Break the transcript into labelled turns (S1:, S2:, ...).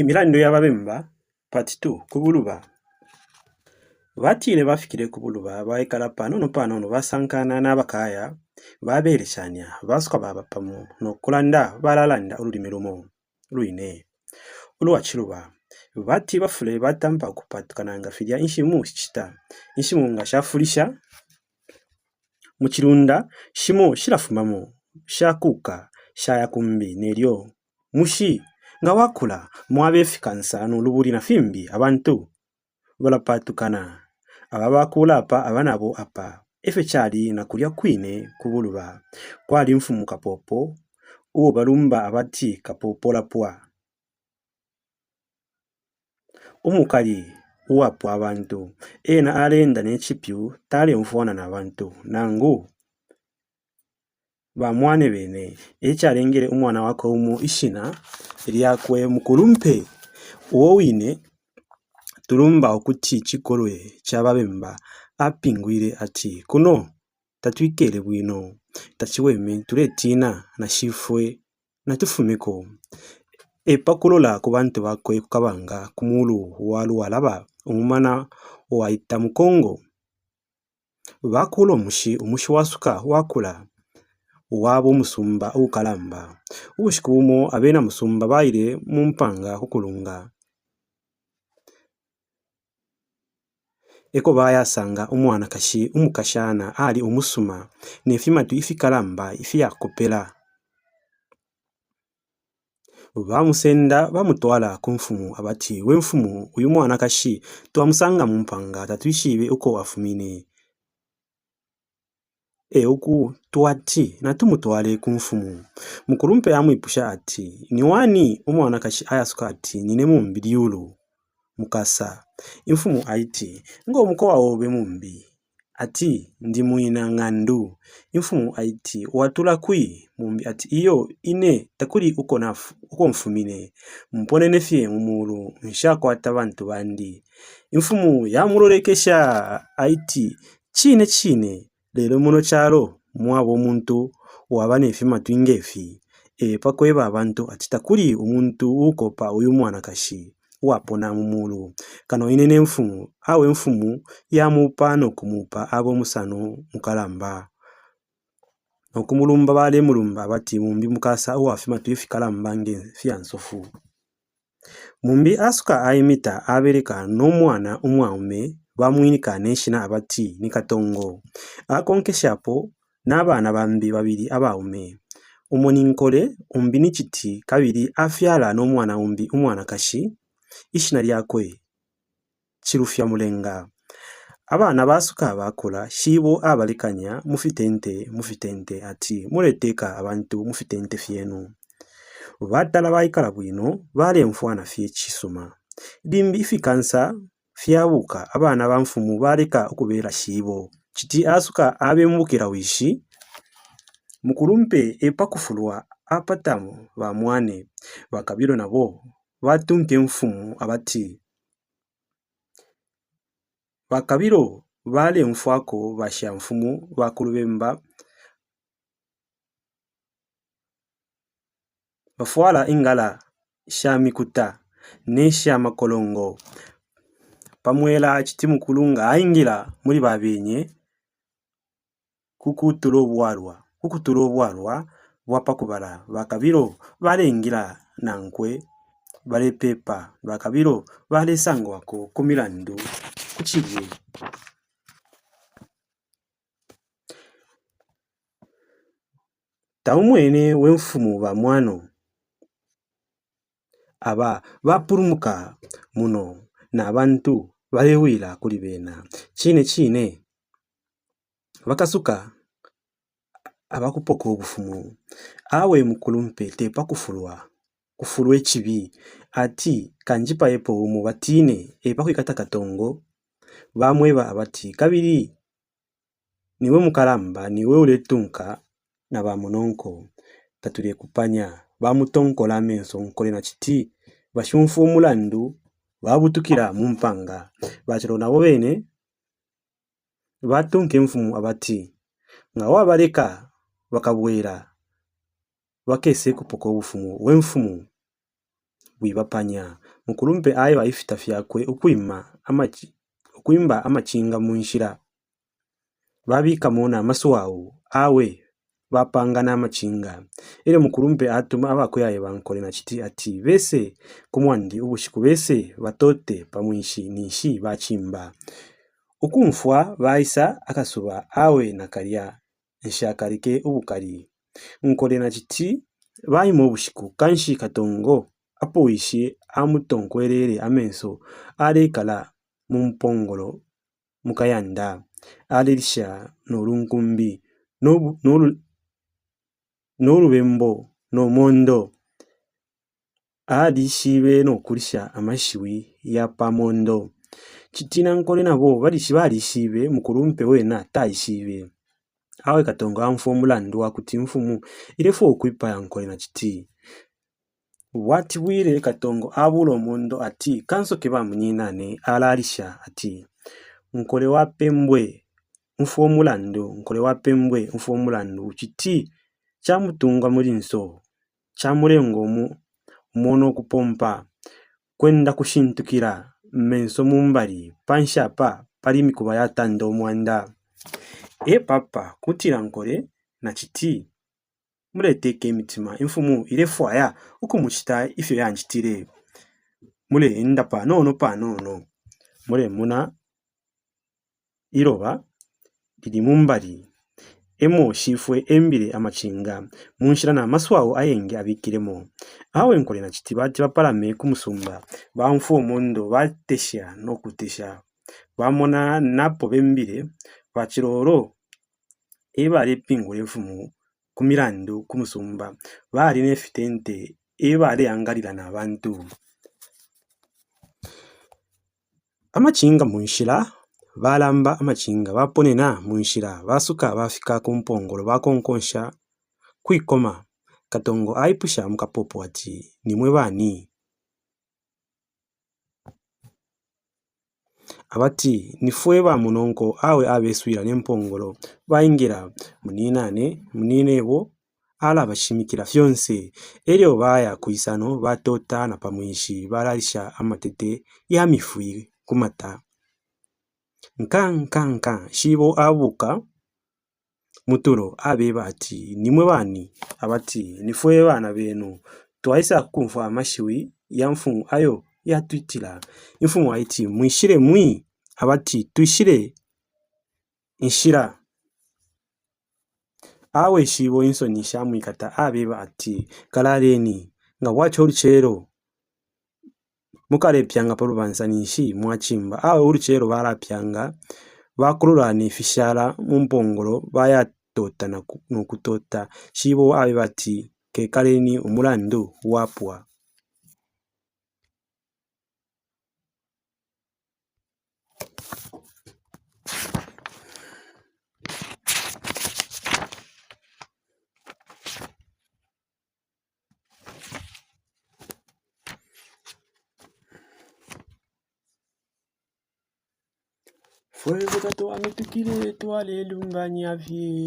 S1: Emirandiro y'ababemba part 2 ku buluba bafikire bafikile ku buluba baikala pano no basankana na bakaya babeelesanya basuka baaba pamu kulanda balalanda ululimi lumo lwine uluwa kiluba bati bafule batampa okupatukananga filya inshimu shita inshimu nga shafulisha mu shimo shimu shilafumamu shakuuka shaya kumbi nelyo mushi nga wakula no mwabeefikansa na fimbi abantu balapa aba ababakuula apa abanabo apa efe kyali nakulya kwine kubuluba kwali nfumu kapopo uwo balumba abati kapopolapwa umukali uwapo abantu ena alenda n'ecipyu tale nfuana na bantu nangu bamwane bene ekyalengere omwana wake omu ishina lyakwe mukulumpe owoine tulumba okuti kikolwe kyababemba apingwire ati kuno tatwikere bwino takiweme tuletiina nashifwe natufumeko epakulola ku bantu bakwe kukabanga ku muulu wa luwalaba omumana owaita mukongo bakola omushi omushi wasuka wakula waba b'omusumba ukalamba obushiki bumo musumba baire mu mpanga kukulunga eko bayasanga omwana kashi umukashana ali omusuma nefimatu ifikalamba ifiyakopela bamusenda bamutwala ku nfumu abati wenfumu uyu mwana kashi twamusanga mu mpanga tatwishibe uko afumine uku twati na tumutwale ku mfumu mukulumpe amwipusha ati ni waani umwanakashi ayasuka ati nine mumbi liulu mukasa imfumu aiti ngoomuko wawobe mumbi ati ndi mwina ng'andu imfumu aiti watula kwi mumbi ati iyo ine takuli uko mfumine ukonfumine mponenefye mumulu nshakwata bantu bandi imfumu yamulolekesha aiti chine chine Lero muno kyalo mwaba omuntu waba nefima twinga efi epa kweba abantu ati takuli omuntu ukopa uyu mwana kashi wapona mumulu kano ine nemfumu awe nfumu yamupa nokumupa abomusano mukalamba okumulumba bale mulumba bati mumbi mukasa uwafima twifi kalamba nge fiansofu mumbi asuka ayimita abereka n'omwana omwaume bamwinika bamwirikanisha abati ni katongo akonkeshapo n'abaana bambi babiri abawume omuninkole umbi ni kiti kabiri afyala n'omwana umbi umwana kashi ishina lyakwe kirufya mulenga abaana basuka abakola shibo abalekanya mufite ente mufite ente ati muleteka abantu mufite ente fyenu baddala baikala bwino balemfwana enfwana fye kisuma dimbi ifikansa fyabuka abaana ba nfumu baleka okubeera siibo kiti asuka abemubukira wiishi mukulumpe epakufulwa apatamu ba mwane bakabiro nabo batunke nfumu abati bakabiro bale nfwako basha nfumu bakulu bemba bafwala ingala sha mikuta ne sha makolongo bamuhera ekiti mukulu ng'ayingira muli babenye kukutula obwarwa kukutula obwarwa bwapa kubara bakabiro balengira nankwe bale pepa bakabiro balesangwako kumirandu kukibwe tau mwene wenfumu bamwano aba bapurumuka muno n'abantu balewiira kuli beena kiine kiine bakasuka abakupoka obufumu awe mukulumpe tepa kufulwa kufulwa ekibi ati kanjipa epo mu batiine epa kwikata katongo bamweba abati kabiri niwe mukalamba niwe uletunka na bamunonko tatulie kupanya bamutonkolame ensonkole na kiti bashunfu omulandu baabutukira mu mpanga bakiro nabo bene batunka enfumu abati nga waabaleka bakabwera bakeesa ekupo we mfumu bwibapanya mukulumpe aye baifita fyakwe okwima amachi okwimba amachinga mu babika mona amasu awe bapanga n'amacinga ere mukurumbe atuma abakoyaye bankorera kiti ati bese kumwandi ubushiku bese batote pamwishi nishi bachimba ukumfwa baisa akasuba awe nakarya nshakarike ubukari nkorera kiti bayima obushiku kanshi katongo apowishe amutonkwerere amenso arekala mumpongolo mukayanda alerisha n'olunkumbi N'olubembo n'omwondo no kulisha amashiwi ya pamondo citina nkole nabo balishi balisiibe mukulu mpe weena taayisiibe awe katongo anfuwa omulandu akuti nfumu ilefu okwipa nkole na kiti bwatibwile katongo abula omondo ati kansoke bamunyinane alalisha ati nkole pembwe nfuwa omulandu nkole pembwe nfuwa omulandu citi Kya mulinso kya mulengo omu mwono okupompa kwenda kushintukila mmenso mumbali panshi apa pali mikuba yatanda omwanda e papa kutila nkole nakiti muleeteko emitima enfumo ile efwaya okumukita ifyo yanjitile muleenda paanono paanono mule muna iloba lili mumbali emo shifwe embile amacinga na amasuwawu ayenge abikilemo awe nkolena citi bati bapalame kumusumba banfu omondo batesha nokutesha bamona napo bembile bacilolo ebali epingo lyenfumu kumilandu kumusumba bali nefitente ebali na bantu amacinga munshila balamba amachinga baponena mu nshila basuka bafika ku mpongolo bakonkonsha kwikoma katongo aipusha mukapopo ati nimwe abati avati ba munongo awe ne mpongolo vaingila muninane muninebo ala bashimikira fyonse elyo baya kuisano batota na pamwishi balalisha amatete ya mifwi kumata nka nka nka shibo abuka muturo abeba ati nimwe bani abati nifwe bana benu twaisa kumva amashiwi ya mfumu ayo yatwitira imfumu ayiti mwishire mwi abati twishire inshira awe shibo insoni mwikata abeba ati kalareni nga wacho oluchero mukala epyanga paluvansanisi mwacimba awe uli chero valapyanga vakululana fishala mumpongolo vayatota nokutota shivo ave vati kekaleni umulandu wapwa Wewe katoa mitukile twalelunganya vye.